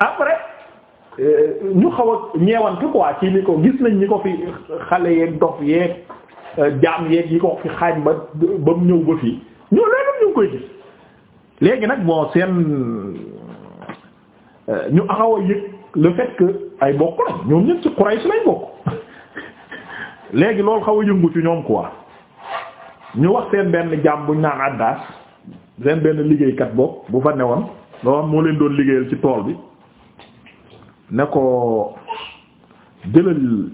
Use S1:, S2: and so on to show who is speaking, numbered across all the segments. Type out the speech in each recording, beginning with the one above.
S1: après euh, ñu xaw a ñeewante quoi ci li ko gis nañ ñi ko fi xale yeeg dof yeeg euh, jaam yeeg yi ko fi xaañ ba ba mu ñëw ba fii ñoo léegi ñu koy gis léegi nag bon seen euh, ñu xaw a yëg le fait que ay bokk lañ ñoom ñëpp ci Quraysh lañ bokk léegi loolu xaw a yëngu ci ñoom quoi ñu wax seen benn jaam buñ naan addaas seen benn liggéeykat bopp bu fa newoon loolu moo leen doon liggéeyal ci tool bi ne ko jëlal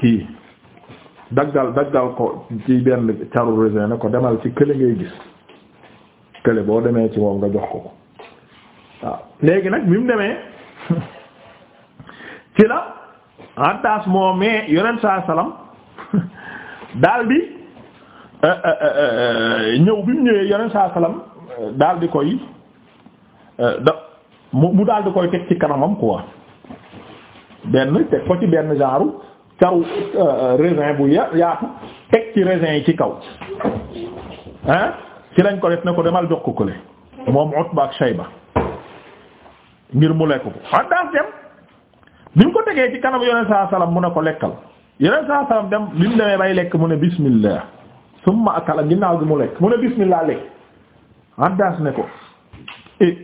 S1: kii daggal daggal ko ci benn caru raisin ne ko demal ci kële ngay gis kële boo demee ci moom nga jox ko ko waaw léegi nag bi mu demee ci la Addaas moo mais yonent saa salaam daldi euh, euh, euh, ñëw bi mu ñëwee yonent saa salaam di koy da mu daldi koy teg ci kanamam quoi. benn teg ko ci benn genre caru euh, raisin bu ya yaatu teg ci raisin yi ci kaw ah ci lañ ko def ne ko demal jox ko kële moom Utba ak Shayba ngir mu lekk ko Haddaas dem bi ko tegee ci kanam yoneen saa salaam mu ne ko lekkal yoneen saa salaam dem bi demee bay lekk mu ne bismillah summa akala ginnaaw gi mu lekk mu ne bismillah lekk Haddaas ne ko eh.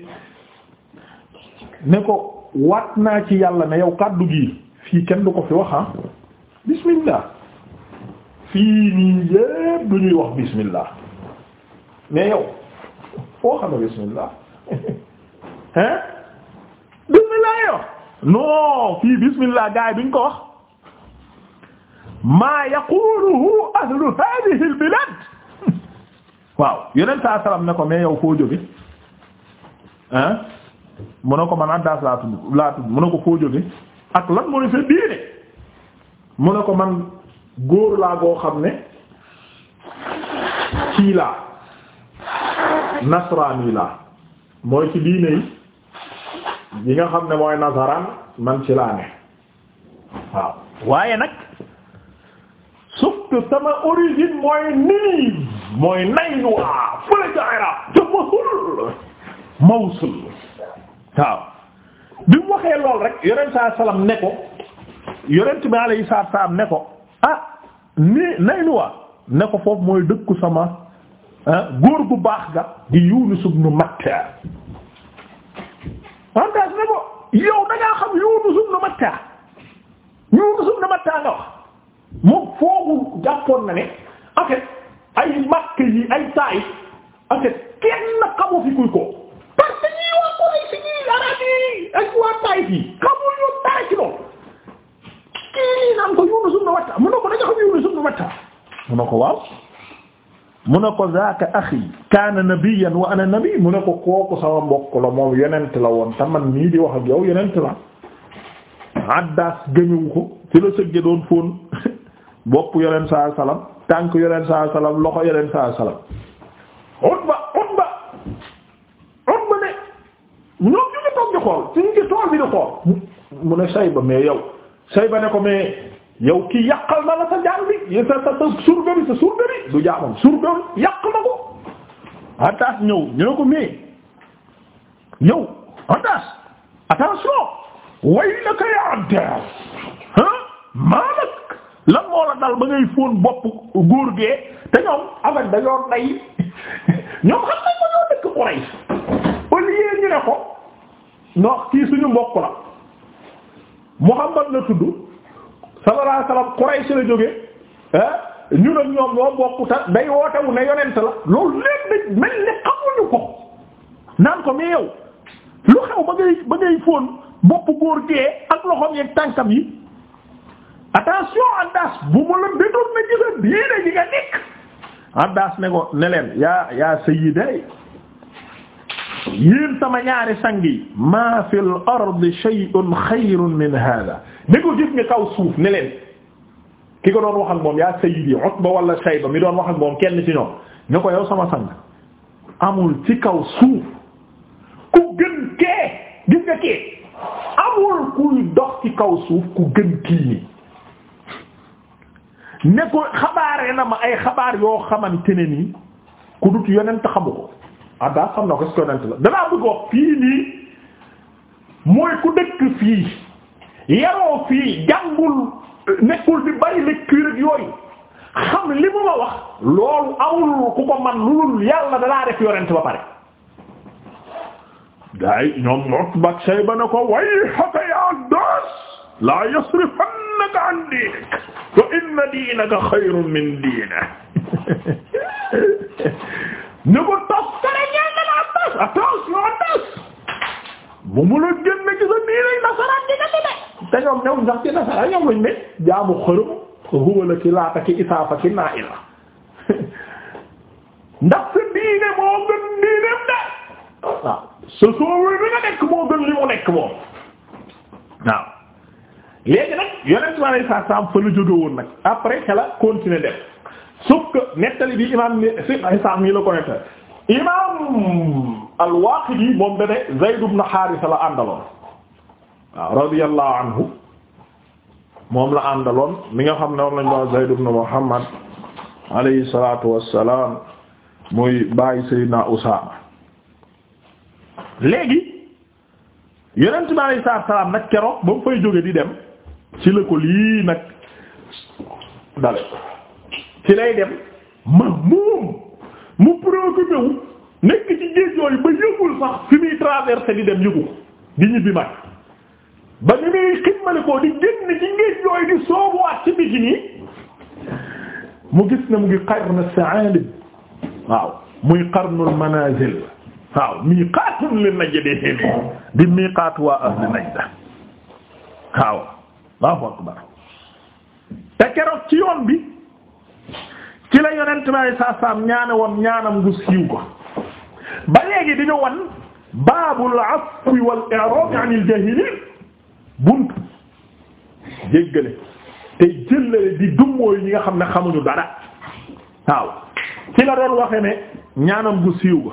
S1: ne ko waat naa ci yàlla na yow kàddu gi fii kenn du ko fi wax ah bismillah fii nii yépp du ñuy wax bismillah mais yow foo xam ne bismillah hein bismillah yow non fii bismillah gaay duñ ko wax maa yaquluhu ahlu hadhihi bilad waaw yeneen saa salaam ne ko mais yow foo jóge hein mu ne ko man Addaas laa tudd laa tudd mu ne ko foo jóge ak lan mu ne sa diine mu ne ko man góor laa goo xam ne kii laa nasraani laa mooy ci diine yi yi nga xam ne mooy nasaraan man ci laa ne waaw waaye nag surtout sama origine mooy nii mooy nay waa fële ca Iraq ca Mosul Mosul waaw bi mu waxee lool rek yonent saa salaam ne ko yonent bi alayhi salaam ne ko ah nii Naynuwa ne ko foofu mooy dëkku sama ah, góor gu baax ga di Yunus ibn Matta Antaas ne wax moom foofu jàppoon na ne en ay Makka yi ay Taif en kenn xamu fi kuy ko. yi ak waa Taïf yi xamul ñu dara ci loolu naan ko Yunus ibn Matta mun na ko dañu xam Yunus ibn Matta mun na ko waaw mun na ko zaaka axi kaana nabiyyan wa ana nabi mun na ko kooku sama mbokk la moom yonent la woon te man nii di wax ak yow yonent la addaas gëñëwu ko ci la sëgge doon fóon bopp yonent saa salaam tànk yonent saa salaam loxo yonent saa salaam Utba Utba Utba ne toog di xool suñ ci tool bi di xool mu ne Shayba mais yow Shayba ne ko mais yow ki yàqal na la sa jaam bi sa sa sa du jaamam surga bi yàq na ko Attaas ñëw ñu ne ko mais yow Attaas attention waylaka ya Abdaas ah maalak lan moo la dal ba ngay fóon bopp góor gee te ñoom amat dañoo nay ñoom xam nañ ko ñoo dëkk Quraysh au lieu ne ko non kii suñu mbokk la Muhammad la tudd sallallahu alayhi wasallam Quraysh la jóge ah, ñu nag ñoom ñoo bokk day wootewu ne yonent la loolu lépp na mel ni xamuñu ko naan ko mais yow lu xew ba ngay ba ngay fóon bopp góor gee ak loxoom yeeg tànkam yi attention addas bu mu la détourné ci sa diine ji nga nekk addas ne ko ne leen yaa yaa sayyiday yéen sama ñaari sang yi ma fi l ardi shay'un xayrun min hada ni ko gis nga doon wax ak moom yaa sayyidi Utba wala Shayba mi ci ñoom ne ko yow sama sang amul ci kaw suuf ku gën kee gis kee amul kuy dox ci kaw suuf ku gën kii ne ko xabaare na ma ay xabaar yoo xamante ne nii ku dut yonent xamu ko en tout xam na ko si yonent la danaa bëgg wax fii nii mooy ku dëkk fii yaroo fii jàngul nekkul di bari lecture yooyu xam li mu la wax loolu amul ku ko man lulul yàlla danaa def yonent ba pare daay ñoom Utba ak Shayba na ko wayhaka ya Abbaas laa yasrifannaka an diinik wa inna diinaka xayrun min diinihi ne ko tos kene ñeen na naa tos a tos yoo tos bu mu la génne ci sa diine nasaraan di nati de te ñoom ñoom sax ci nasaraan ñoom lañ ne jaamu xërëm huwala ki laata ki isaafa ki naa ila ndax sa diine moo gën diineem de waaw sa soowe bi nga nekk moo gën li mu nekk moom waaw léegi nag yonent bi alayhi salaam fa la jóge woon nag après xela continuer def sauf que nettali bi imaam Hisaam yi la ko nettali imaam al moom da ne Zayd ibn Haarisa la àndaloon waaw radiyallahu anhu moom la àndaloon mi nga xam ne moom lañu doon Zayd ibn Muhammad alayhi salaatu wassalaam muy bàyyi Seydina Usaama léegi Yonent bi alayhi salaatu nag keroog ba mu fay jóge di dem ci la ko lii nag dale ci lay dem mahmuum mu préoccupé wu nekk ci géej yooyu ba yëgul sax fi muy traversé di dem yëgu di ñibbi mag ba ni muy ximmalikoo di génn ci géej yooyu di soobuwaat ci biti nii mu gis ne mu ngi qarn sa'alib waaw muy qarnul manazil waaw miqaatun li najdihim di miqaat waa ahli najd waaw Allahu akbar te keroog ci yoon bi ci la yonent bi saa saam ñaane woon ñaanam gu siiw ko ba léegi di ñu wan baabul afwi wal i'raad anil jaahiliin bunt jéggale te jëllale di dummóoyu ñi nga xam ne xamuñu dara waaw ci la doon waxe ne ñaanam gu siiw ko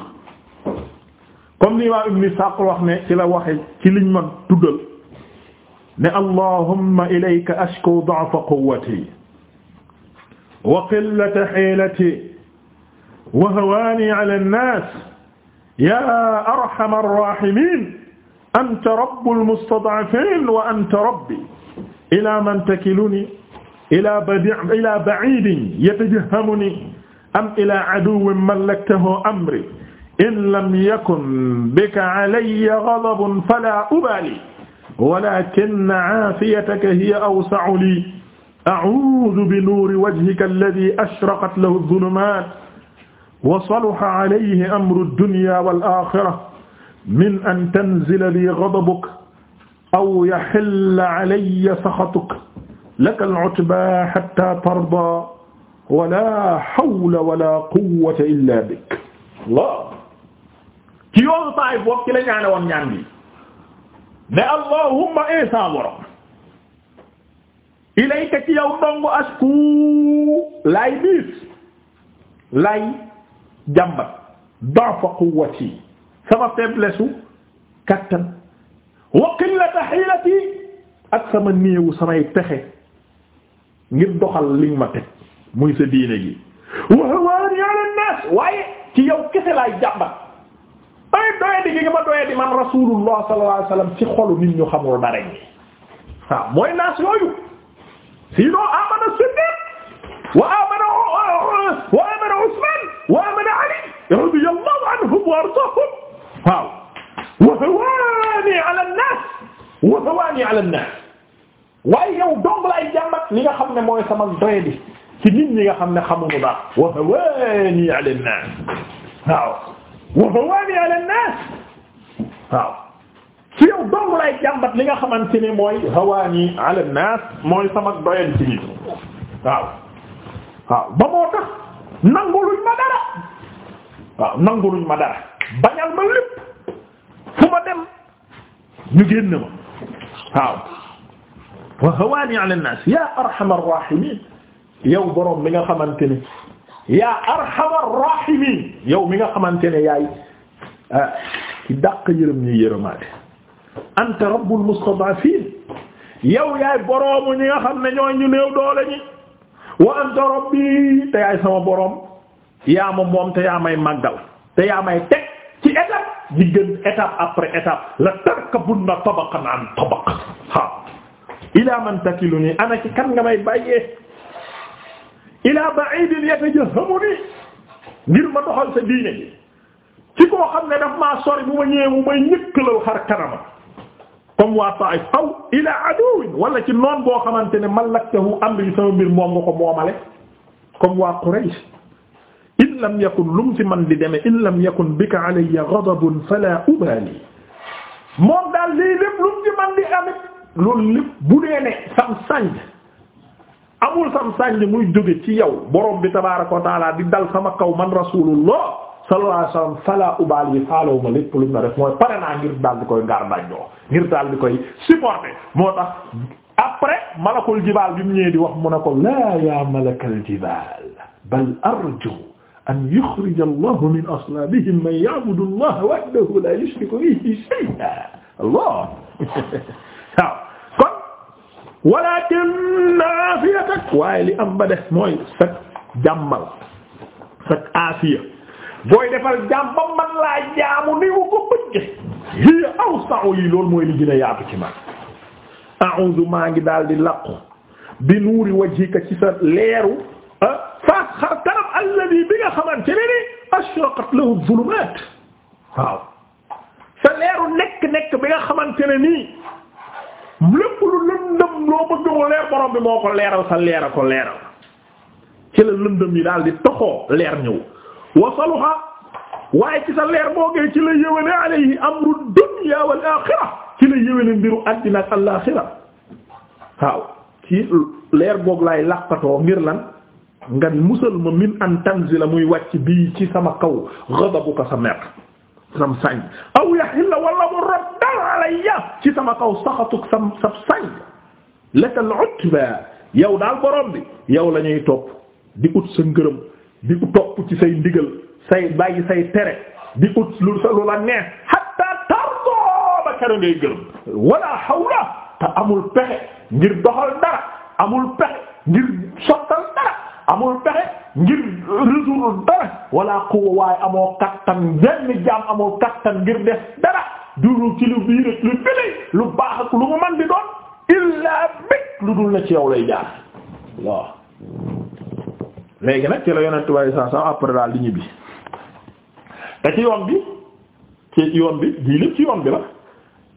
S1: comme ni imaam Ibn Saq wax ne ci la waxe ci liñ ma tuddal ne allahumma ilayka ashku da'fa quwwati wa qillata hiilati wa hawaani ala an-naas yaa arhamar raahimiin anta rabbul mustad'afiin wa anta rabbi ilaa man takilunii ilaa badi' ilaa ba'iidin yatajahhamunii am ilaa aduwwin mallaktahu amrii in lam yakun bika alayya ghadabun falaa ubaalii walaakinna aafiyataka hiya awsa'u lii a'uudu bi nuuri wajhika alladii ashraqat lahu adh-dhulumaat wa salaha alayhi amru ad-dunyaa wal-aaxira min an tanzila lii ghadabuka aw yahilla alayya saxatuka laka al-'utbaa hattaa tardaa wa laa hawla wa laa quwwata illaa bika. Allah ci yoonu Taayif boobu ci la ñaane woon ñaan bi ne allahumma ilayka ci yaw ndongo asku laay diis laay jàmbat da'fa quwwati sama faiblesse u kattan wa qillata hilati ak sama néewu samay pexe ngir doxal li ma teg muy sa diine gi wa hawaani ala nas waaye ci yow kese laay jàmbat ay doye di gi nga ma doye di man rasulullah sallallahu alayhi ci xolu nit ñu xamul dara ñi waaw mooy naas yooyu sinon amana Siddiq wa amana wa amana Usman wa amana Ali radiyallahu anhum wa ardaahum waaw wa hawaani ala an-naas wa hawaani ala an-naas waaye yow dong laay jàmbat li nga xam ne mooy sama doyadi ci nit ñi nga xam ne xamuñu dara wa hawaani ala an-naas waaw wa hawaani ala an-naas waaw ci yow dong lay jàmbat li nga xamante ne mooy hawaani ala naas mooy sama doyal ci nit waaw waaw ba moo tax nanguluñ ma dara waaw nanguluñ ma ma lépp fu ma dem ñu génn ma waaw wa hawaani ala naas yaa arhamar raahimiin yow boroom mi nga xamante ne yaa arhamar raahimiin yow mi nga xamante yaay ci ah, dàq yërëm anta rabbul mustad'afin yow yaay boroomu ñi nga xam ne ñooy ñu néew doole ñi wa anta rabbi te yaay sama boroom yaa ma moom te yaa may màggal te yaa may teg ci étape diggante étape après étape la tarkabunna tabaqan an tabaq ila man takiluni ana ci kan nga may bàyyee ila ba'idin yatajahamuni ngir ma doxal sa diine ji ci koo xam ne daf maa sori bu ma ñëwee mu may ñëkkalal xar kanama ñoom waa Taif aw ila aduwin wala ci noon boo xamante ne malaktahu amri sama mbir moom nga ko moomale comme waa Quraysh in lam yakun lum ci man di demee in lam yakun bika alayya ghadabun fala ubali moom daal lii lépp lum ci man di amit loolu lépp bu dee ne sam sànj amul sam sànj muy jóge ci yow borom bi tabaaraka wa taala di dal sama kaw man rasulullah sallallahu alayhi wasallam fala ubal yi faalowu ma lépp lu mu na def mooy pare naa ngir daal di koy ngaar dajjoo ngir daal di koy supporter moo tax après malakul jibaal bi mu ñëwee di wax mu ne ko laa ya malakal jibaal bal arju an yukhrij allah min aslaabihim man ya'budu allah wahdahu la yushriku bihi shay'an allah waaw kon walakin afiyatak waaye li am ba def mooy sag jàmmal sag afiya booy defal jaam ba man laa jaamu ni mu ko bëgge hiya awsa'u lii mooy li gën yaatu ci man a'udhu maa ngi daal di laqu bi nuuri wajhika ci sa leeru faas ah, xar kanam alladhi bi nga xamante ne ni ashraqat lahu dhulumat sa leeru nekk-nekk bi nga xamante ne nii lépp loo bëgg mu leer borom bi moo ko leeral a leera ko leeral ci la lëndëm yi daal di toxoo leer ñëw wa saluha waaye ci sa leer boogee ci la yéwéne alayhi amru dunya wal axira ci la yéwéne mbiru àddina ak alaaxira waaw ci leer boog laay laqatoo ngir lan nga musal ma min an tanzila muy wàcc bi ci sama kaw ghadabuka sa mer sam sañ aw yahilla wala mu raddal alayya ci sama kaw saxatuk sam sa sañ lakal utba yow daal borom bi yow lañuy ñuy topp di ut sa ngërëm di topp ci say ndigal say bàyyi say tere di ut lu la neex hatta tardo ba kere ngay gërëm wala hawla te amul pexe ngir doxal dara amul pexe ngir sottal dara amul pexe ngir résoudre dara wala quwwa amoo kattan benn jaam amoo kattan ngir def dara dulu ci lu biir ak lu bële lu baax ak lu mu man di doon illa bik lu dul na ci yow lay jaar waaw léegi nag ci la yonent waaye saa saa après daal di ñibbi te ci yoon bi ci yoon bi lii lépp ci yoon bi la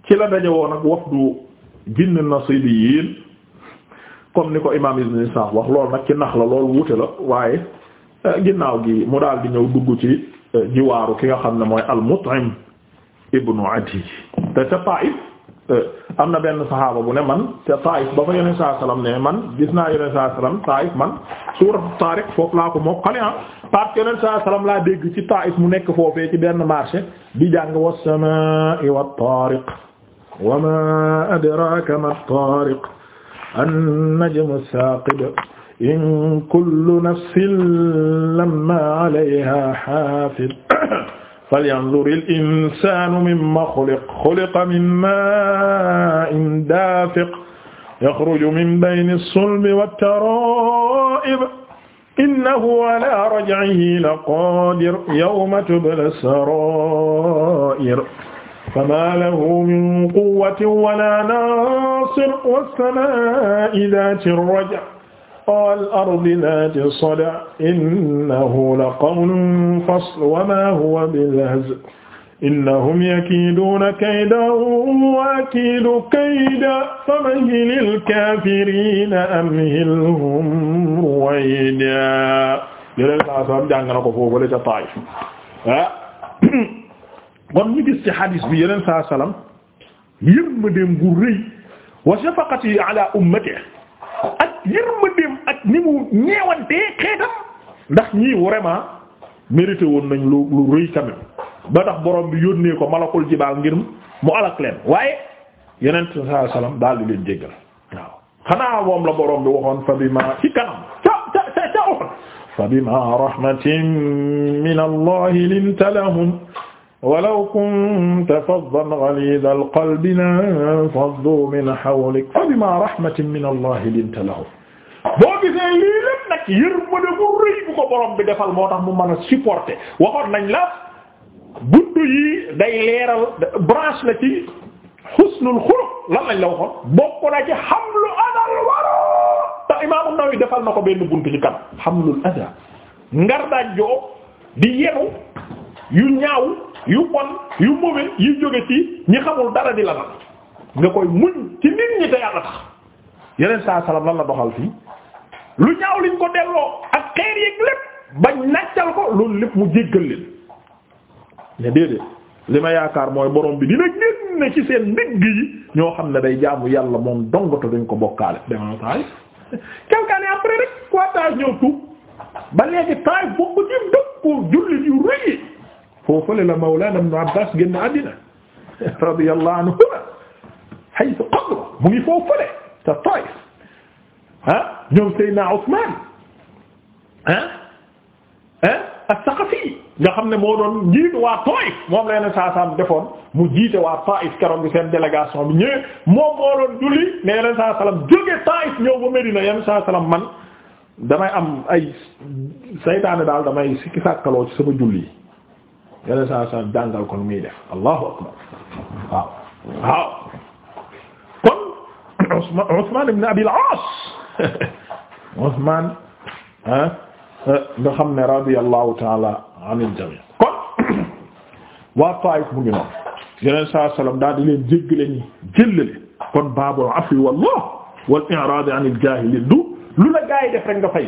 S1: ci la daje woon ak wafdu jinn nasibiyin comme ni ko imaam ibn Isaaq wax lool nag ci nax la loolu wute la waaye eh, ginnaaw gi mu daal di ñëw dugg ci eh, jiwaaru ki nga xam ne mooy al-Mut'im ibnu Adi te ca Taif eh, am na benn saxaaba bu ne man te Taif ba fa yoneen saa salaam ne man gis naa yoneen saa salaam Taif man suuratu Taariq foofu laa ko mokkale ah parce que yoneen saa salaam laa dégg ci Taif mu nekk foofee ci benn marché di jàng was-samaa'i wat-taariq wa maa adraaka mat-taariq an-najmu as-saaqib in kullu nafsin lammaa 'alayhaa haafiz falyanzuril insaanu mimma xuliq xuliqa min maa'in daafiq yaxruju min bayni sulbi wattaraa'ib innahu alaa raj'ihi laqaadir yawma tubla saraa'ir famaa lahu min quwwatin wa laa naasir was-samaa'i zaatir raj' al ardi zaati sada innahu la qawlun fasl wa ma huwa bilhazl innahum yakiiduuna kaydan wa akiidu kaydan famahilil kaafiriina amhilhum ruwaydaa jëleel saa saam jàng na ko foofu la ca Taayif ah kon ñu gis ci xadiis bi yeneen saa salaam yërmandeem gu rëy wa shafaqati ala ummatihi yërmandeem ak ni mu ñeewantee xeetam ndax ñii vraiment mérité woon nañ lu lu rëy ba tax borom bi yónnee ko malakul jibaal ngir mu alak leen waaye yonent saa salaam daal di leen jéggal waaw xanaa moom la borom bi waxoon fa bi ma ci kanam ca ca ca ca fa bi ma rahmatin min allah linta walaw kunta faddan ghaliza alqalbi lanfaddu min hawlik fa bima rahmatin min allah linta lahum boo gisee lii lépp nag yërmande bu rëy bu ko borom bi defal moo tax mu mën a supporter waxoon nañ la bunt yi day leeral branche la ci xusnul xuluq lan lañ la waxoon bokk na ci xamlu adal waro te imaamu Nawawi defal na ko benn bunt ci kan xamlul ada ngar daaj joo di yenu yu ñaaw yu bon yu mauvais yu jóge ci ñi xamul dara di la nag nga koy muñ ci nit ñi te yàlla tax yeneen saa salaam lan la doxal fii lu ñaaw liñ ko delloo ak xeer yeeg lépp bañ nàccal ko loolu lépp mu jéggal leen ne déedéet li ma yaakaar mooy borom bi dina génn ci seen ndigg yi ñoo xam ne day jaamu yàlla moom dongoto dañ ko bokkaale dama taay kelkaane après rek quoi ñëw tuub ba léegi taay bokk ci dëkk jullit yu rëy foofale la mawlana ibn abbas génn àddina radiyallahu anhu haythu qabru mu ngi foofale ta Taif ah ñoom Seydina Ousmane ah ah as-Saqafi nga xam ne moo doon jiite waa Taif moom la yeneen saa saam defoon mu jiite waa Taif keroog bi seen délégation bi ñëwee moom moo ne yeneen saa salaam jóge Taif ñëw ba man damay am ay saytaane daal damay sikki sàkkaloo ci sama julli yeneen saa saa jàngal ko nu muy def allahu akbar waaw waaw kon Usman ibn Abi al-As Usman ah eh, nga xam ne radiyallahu ta'ala anil jami' kon waa Taif mu ngi noonu yeneen saa salaam daal di leen jéggale ñi jëllale kon baabul afwi wallah wal i'rad anil jaahiliin du lu la gaa yi def rek nga fay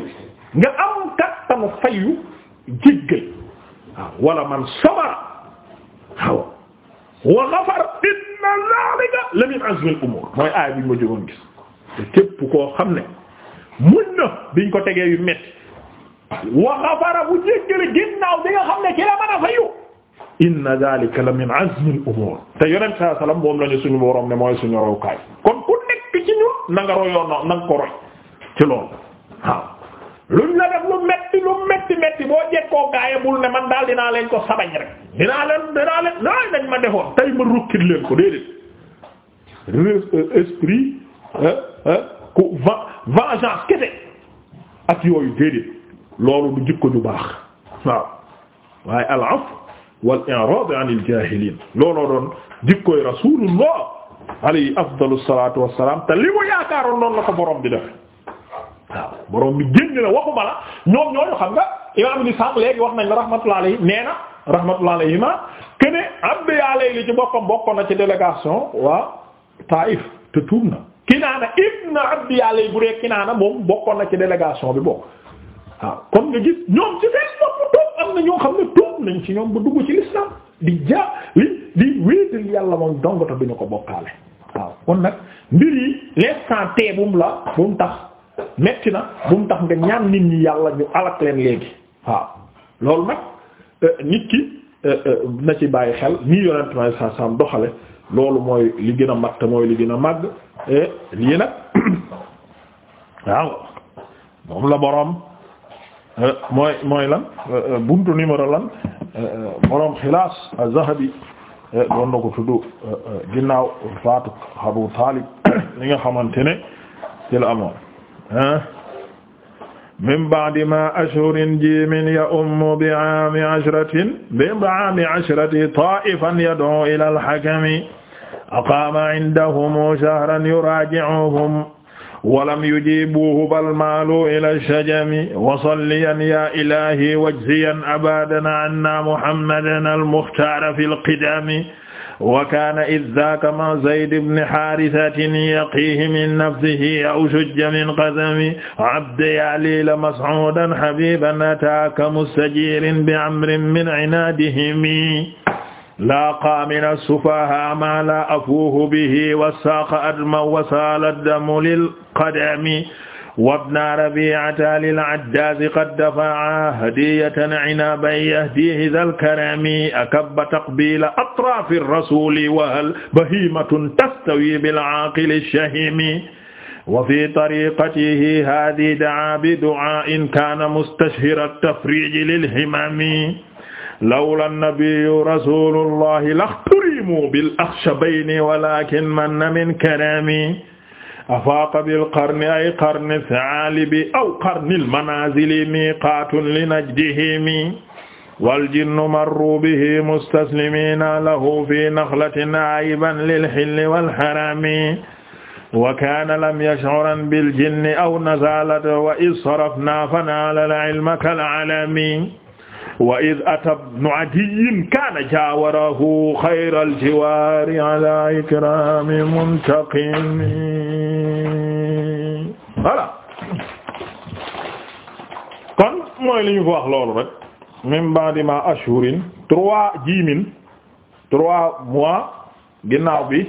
S1: nga am kattanu fayu jéggal waaw ah, wala man sabara waaw wa ghafara inna zalika la min azmi al mooy aay bi ñu ma gis te képp koo xam ne muñ na biñ ko tegee yu metti wa ghafara bu jéggale ginnaaw bi nga xam ne ci la mën a fayu inna la min azmi al te yonent saa sallam moom lañu suñu borom ne mooy suñu royukaay kon ku nekk ci ñun na royoon na nga ko roy ci loolu luñ la lu metti lu metti metti boo jekkoo gaaye bul ne man daal dinaa leen ko sabañ rek dinaa leen dinaa leen ma defoon tey ma rukkit leen ko déedéet euh, esprit euh, euh, ku vengeance kese ak yooyu déedéet loolu du jikko ju baax waaw waaye al-afw wal-i'raad 'an al-jaahiliin looloo doon jikkoy Rasuulullah alayhi afdalu salaatu wassalaam te li mu yaakaaroon noonu la ko borom bi def waaw borom bi génn na waxuma la ñoom ñooñu xam nga imaam ibn wax nañ la rahmatullahi nee na rahmatullahi yi ma kene Abdu Yaalay li ci boppam bokkoon na ci délégation waa Taïf te tuub na Kinaana ibn Abdu Yaalay bu dee Kinaana moom bokkoon na ci délégation bi bokk waaw kon nga gis ñoom ci seen bopp tuub am na ñoo xam ne tuub nañ ci ñoom ba dugg ci l'islam di ja li di wéetal yàlla moom dongata bi ko bokkaale waaw kon nag mbir yi la tax metti na bu mu tax nga ñaan nit ñi yàlla ñu alak leen léegi waaw loolu nag euh, nit ki euh, euh, na ci bàyyi xel nii yonent may saa saam doxale loolu mooy li gën a mag te mooy li gën a màgg lii nag waaw moom la boroom mooy mooy lan buntu numéro lan boroom xilaas az-Zahabi doon na ko tudd ginnaaw faatu Abu Taalib li nga xamante ne ci la amoon ah min ba'di ma ashhurin jimin ya ummu bi aami ashratin bi aami ashrati taa'ifan yad'u ila al-hakami aqaama indahum shahran yuraaji'uhum walam yujibuhu bal maalu ila shajami wasalliyan ya ilahi wajziyan abadana anna muhammadan al-mukhtaara fi al-qidaami wa kaana id zaaka ma Zayd ibn Haarisatin yaqiihi min nafsihi aw shujja min qasami abda ya'lil Mas'uudan habiiban ataaka mustajiiran bi amrin min inaadihim laaqa mina sufahaa maa laa afuuhu bihi wa saaqa adman wa saala damu lil qadami wabna rabi'ata lil addaas qad dafa'a hadiyatan 'inaaban yahdihi dhal karami akabba taqbiila atraafi rasuuli wa hal bahiimatun tastawi bil 'aaqili shahimi wa fi tariqatihi haadhihi da'a bi du'aa'in kaana mustashhira at-tafriiji lil himami lawla nabiyyu rasuulullahi laxturimu bil akhshabayni walaakin manna min karami afaaqa bil qarni ay qarni saalibi aw qarnil manaazili miiqaatun li najdihimi wal jinnu marru bihi mustaslimiina lahu fi naxlatin aayiban lil hilli wal harami wa kaana lam yash'uran bil jinni aw nazaalata wa iz sarafnaa fanaalal ilma kal alami wa id ata ibnu adiyin kaana jaawarahu xayral jiwaari ala ikraami muntaqimi voilà kon mooy li ñu ko wax loolu rek min ba'di ma ashhurin trois jiimin trois mois ginnaaw bi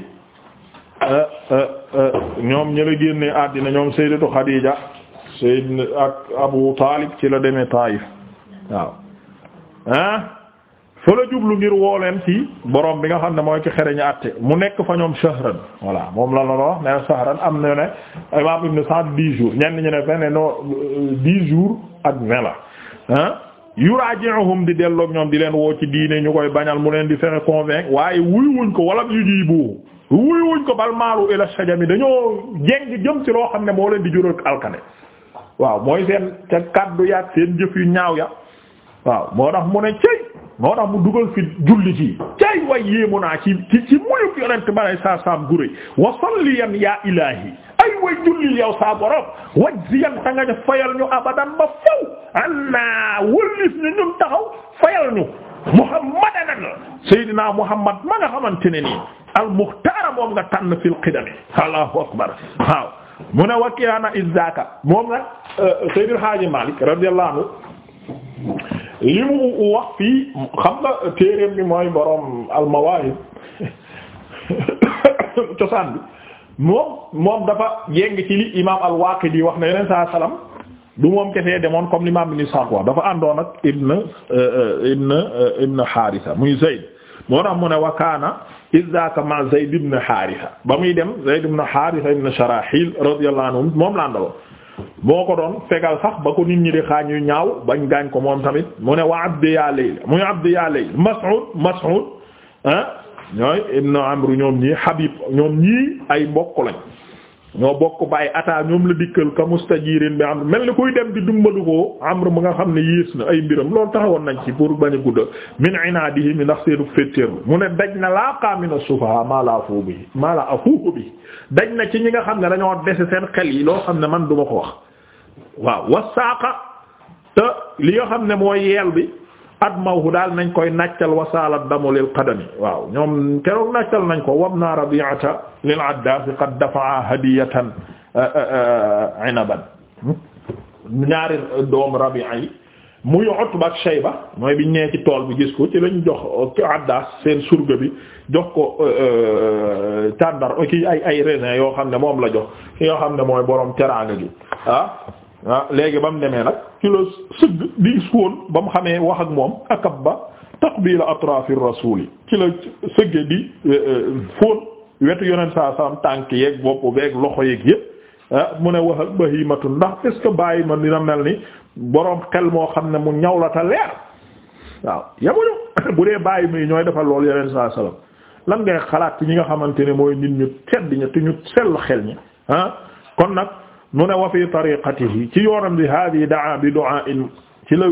S1: euh, euh, euh, ñoom ñëla génne àddina ñoom sayyidatu Xadiija sayyid ak Abu Taalib ci la demee Taayif waaw ah fa la jublu ngir woo leen ci boroom bi nga xam ne mooy ki xereñu àtte mu nekk fa ñoom shahran voilà moom la loolu wax ne am na ne imam ibn Sa'd dix jours ñu ne fene no euh, dix ak vingt la ah yuraaji'uhum di delloog ñoom di leen woo ci diine ñu koy bañal mu leen di fexe convaincre waaye wuy wuñ ko wala yu ji boobu wuy wuñ ko bal maalu ila shajami dañoo jéng jëm ci loo xam ne moo leen di juróot alkane waaw mooy seen ca kaddu yaak seen jëf yu ñaaw ya waaw moo tax mu ne cëy moo tax dugal fi julli ci cëy way yéemu naa ci ci ci muyuk yonent balay saa saam guré wa salliyan yaa ilaahi ay way jullil yow saa borom wajziyan ta nga fayal ñu abadan ba faw anna wëllis ñu ñun taxaw fayal ñu muhammadan seydina muhammad ma nga xamante ne nii al muxtaara moom nga allahu akbar mu ne wakkiyaana izzaaka moom nag euh, seydil haaji malik radiyallahu anhu limu mu wax fii xam nga téereem bi mooy borom almawaahib cosaan bi moom moom dafa yeng ci li imaam al wax na yeneen saa salaam du moom kese demoon comme l'imam Ibn Ishaq wax dafa àndoon ak Ibn Ibn Ibn Haarisa muy Zayd moo tax ne wa kaana izzaaka ma Zayd ibn Haarisa ba muy dem Zayd ibn Haarisa ibn Sharaahil radiyallahu anhu moom la moo ko doon fegal sax ba ko nit ñi di xaañ yu ñaaw bañ gaañ ko moom tamit mu ne wa abdi ya layl muy abdi ya layl Mas'ud Mas'ud ah ñooy ibnu Amr ñoom ñii Habib ñoom ñii ay mbokk lañ ñoo bokk bàyyi ataa ñoom la dikkal ka mustajirin bi am mel ni kuy dem di dumbalu ko amr mu nga xam ne yées na ay mbiram loolu taxawoon nañ ci pour bañ a gudda min inaadihi mi ndax seenu féttéer la mu ne daj na laa qaamina sufaha maa la afuu bi maa la afuuhu bi daj na ci ñi nga xam ne dañoo dese seen xel yi loo xam ne man duma ko wax waaw wasaaqa te li nga xam ne mooy yeel bi ad mawhu daal nañ koy naccal wasaalat damu lil qadami waaw ñoom keroog naccal nañ ko wabna rabi'ata lil addafi qad dafa'a hadiyatan inaban ñaari doom rabi'a yi muy Utba ak Shayba mooy biñ nee ci tool bi gis ko ci lañ jox ci seen surga bi jox ko e, e, tàndar ki ay ay yoo xam ne moom la jox yoo xam ne mooy boroom teraanga gi ah ah léegi ba mu demee nag ci la sëgg di suwoon ba mu xamee wax ak moom akab ba taqbiila atraafir rasuul yi ci la sëgge di eh, eh, fóon wetu yonent sa saam tànk yeeg bopp beeg loxo yeeg yëpp ah mu ne wax ak bahimatu ndax est bàyyi ma dina mel ni boroom xel moo xam ne mu ñaw la ta leer waaw yamuñu bu dee bàyyi muy ñooy defal loolu yonent saa salaam lan ngay xalaat ci ñi nga xamante ne mooy nit ñu tedd ña te ñu sell xel ñi ah kon nag. mu ne wa fi tariqatihi ci yoonam bi hadi daa bi a in ci la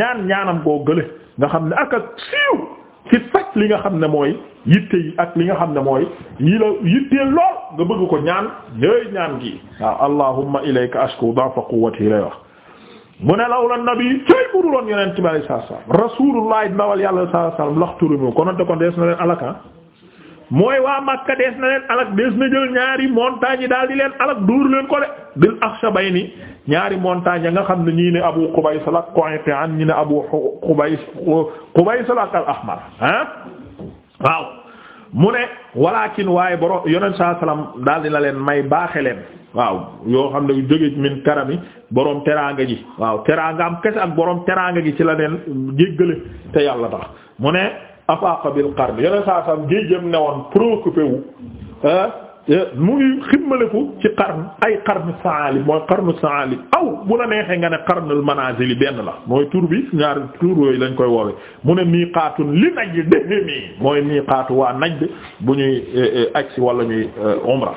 S1: ñaan ñaanam koo gële nga xam ne ak ak siiw ci faj li nga xam ne mooy yitte yi ak li nga xam ne mooy yi la yittee lool nga bëgg ko ñaan yooyu ñaan gi waaw allahumma ilayka ashku da'fa quwwati lay wax mu ne lawla nabi cay buruloon yonent bi sallallahu alayhi wasallam rasulullah ibn wal yàlla sallallahu alayhi wasallam laxturumu konoon te kon dees na leen alaka mooy waa Makka dees na leen alak dees na jël ñaari montagne yi daal di leen alak dóor leen ko de bil ni ñaari montagne ya nga xam ne ñii ne Abu Qubays la ak Qaiqan ñi ne Abu Qubays Qubays la ak al ahmar ah waaw mu ne walakin waaye boro yonent saa salaam daal di na leen may baaxe leen waaw yoo xam ne jóge min karami boroom teraanga ji waaw teraanga am kese ak boroom teraanga gi ci la leen jéggale te yàlla tax mu ne afaqa bil qarn yeneen saa saam géejam ne woon préoccupé wu ah, eh, mu ngi ci qarn ay qarn saalib mooy qarn saalib aw bu la neexee nga ne qarnul manazili benn la mooy tur bi ñaari tur yooyu lañ koy woowee mu ne miiqaatun li najd dehemi mooy miiqaatu waa bi bu ñuy eh, eh, agsi walla ñuy umra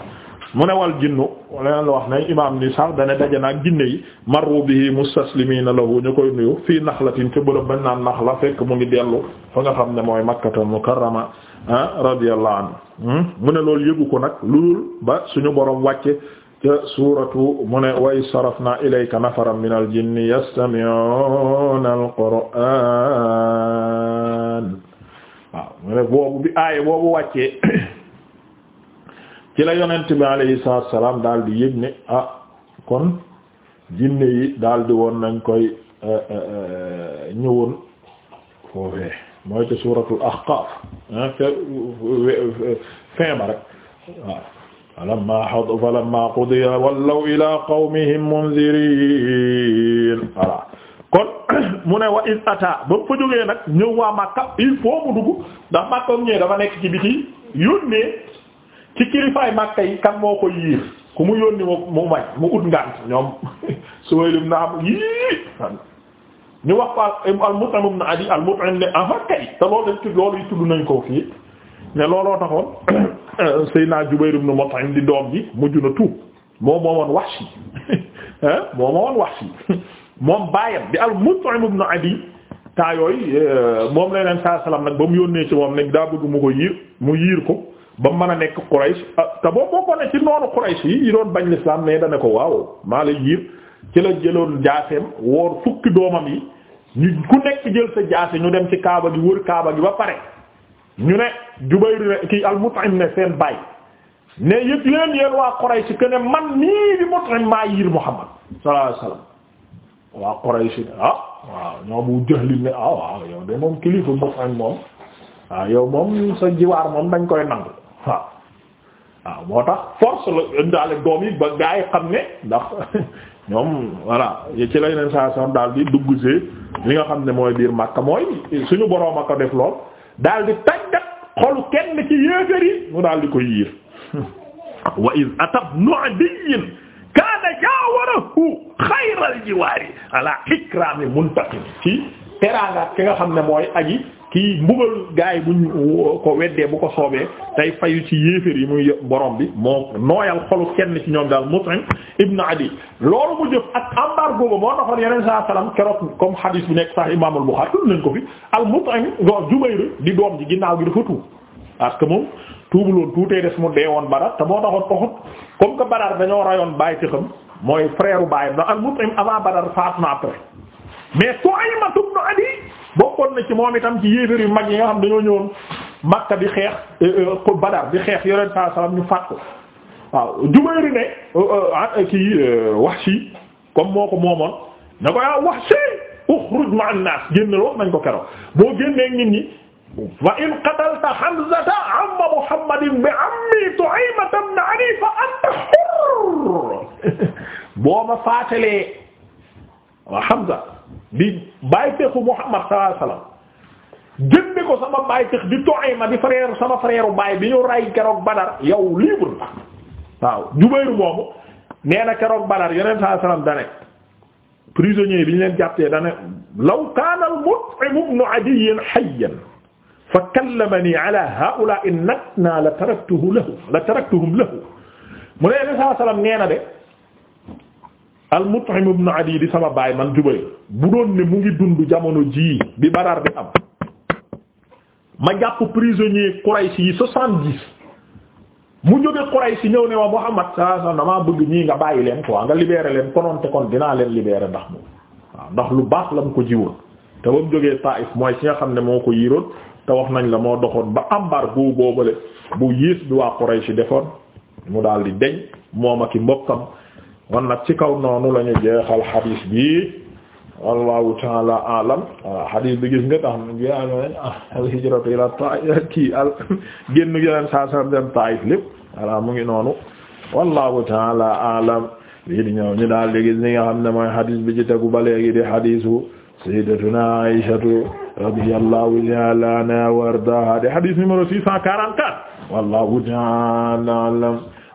S1: mu ne wal jinnu leneen la wax ne imaam ni sax dana daje naag jinne yi marru bihi mustaslimiina lahu ñu koy nuyu fii naxlatin ca bërëb bañ naan naxla fekk mu ngi dellu fa nga xam ne mooy makkatal mukarrama ah radiyallahu anhu hmm? mu ne loolu yëgu ko nag loolu ba suñu boroom wàcce ca suuratu mu ne way sarafna ilayka nafaran min al jinni yastami'una al qur'aan waaw mu ne boobu bi aaye boobu wàccee ci la yonent alayhi salaam daal di yëg ne ah, kon jinne yi daal di woon nañ koy eh, eh, eh, ñëwoon mooy ci suuratul ahqaaf ah, fin ba rek waaw falamma had falamma qudiya wallaw ila qawmihim munzirin kon mu wa is ata ba fa jógee nag ñëw waa Makka il faut mu dugg ndax Makka dafa nekk ci biti yónnee ci kilifaay Makka yi kan moo ko yiir ku mu yónni mu mu may mu ut ngànt ñoom Suhayl ibn Amr yii ñu wax ko al-Mut'im ibn Adi al-Mut'im ne aha kay nañ ko fii ne looloo ji mujj na tuub moom moo woon Wahshi moom moo woon Wahshi moom baayam di al-Mut'im ibn Adi taa yooyu euh, moom la leen saa nag ba mu yónnee ci moom nag daa bëgg mu ko yiir mu yiir ko ba mën a nekk Quraysh ah, te boo bokkoon ne ci noonu Quraysh yi yi doon bañ l'islam mais dana ko waaw maa la yiir ci la jëloon jaaseem woor fukki doomam yi ñu ku nekk jël sa jaase ñu dem ci kaaba gi wër kaaba gi ba pare ñu ne Jubayr ne kii al-Mut'im ne seen baay ne yëg leen yéen waa Quraysh que ne man nii di Mut'im maa yiir Muhammad sallallahu alayhi wasallam waa Quraysh ah waaw ñoo bu jëxlin ne ah waaw yow de moom kilifa Mut'im moom waaw ah, yow moom sa jiwaar moom dañ koy nangu waaw moo tax force la daale doom yi ba gaa yi xam ne ndax ñoom voilà ci lay neen saa sax daal di duggu see li nga xam ne mooy biir Makka mooy suñu boroom a ko def lool daal di tàggat xolu kenn ci yéefar yi mu daal di koy yiir wa iz atabnu adiyyin kaana jaawarahu xayral jiwaari ala ikraami muntaqim ci teraanga ki nga xam ne mooy aji kii mbugal gaay buñ ko weddee bu ko soobee tey fayu ci yéeféer yi muy borom bi moo nooyal xolu kenn ci ñoom daal Mut'im ibn Adi loolu mu jëf ak embargo boobu moo taxoon yeneen saa salaam keroog comme hadis bu nekk sax Imaamul Buxaari tudd nañ ko fi al Mut'im do di doom ji ginnaaw gi dafa tuub parce que moom tuubuloon tuutee des mu dee woon Badar te moo taxoon Uhud comme que Badar dañoo rayoon bàyyi ci xam mooy frère u baayam ndax al Mut'im avant Badar bokkoon na ci moom itam ci yéeféer yu mag yi nga xam dañoo ñëwoon Makka di xeex euh, euh, ko Badar di xeex yonent saa salaam ñu faat ko waaw Jubayr ne euh, ah, kii Wahshi comme moo ko moomoon na ko yaa ah, Wahshi ukhruj ma'an nas génnal wax nañ ko keroog boo génnee nit ñi wa in qatalta Hamzata amma Muhammadin bi ammi Tu'aymata ibn Ali fa anta hurr boo ma faatalee wa Hamza di bàyyi texu Muhammad sallallahu alayhi wasallam jënde ko sama bàyyi tex di toxee ma di frère sama frère baay bi ñu ray keroog Badar yow libre la waaw Jubayru moomu nee na keroog Badar yonent sallallahu alayhi wasallam dane prisonnier bi ñu leen jàpptee dane law kaana al-Mut'im ibn Adiy hayyan fa kallamani ala haa'ulaa'i natnaa la taraktuhu lahu la taraktuhum lahu mu ne yonent sallallahu alayhi wasallam nee na de al Mut'im ibn Adi di sama baay man Jubayr bu doon ne mu ngi dund jamono jii bi Badar bi am ma jàpp prisonnier Quraysh yi soixante-dix mu jóge si ñëw ne wa Muhammad sallallahu alayhi wasallam damaa bëgg ñii nga bàyyi leen quoi nga leen konoon te kon dinaa leen libeere ndax moom waaw ndax lu baax la mu ko jiwoon te ba mu jógee Taïf mooy ci nga xam ne moo ko yiiroon te wax nañ la moo doxoon ba embargo boobale bu yées bi waa Quraysh defoon mu daal di deñ moom ak i mbokkam kon nag ci kaw noonu la ñu jeexal xadiis bi wallahu taala alam waaw xadiis bi gis nga tax jiañoneñ ah, al hijratu ila taif kii al saa sam dem taif lépp voilà mu ngi noonu wallahu taala alam lii di ñëw ñu daal di gis ni nga xam ne mooy xadiis bi ci tegu ba léegi di xadiisu sayyidatuna Aysatu radiyallahu ta'ala anha wa ardaha di xadiis numéro 644 wallahu taala alam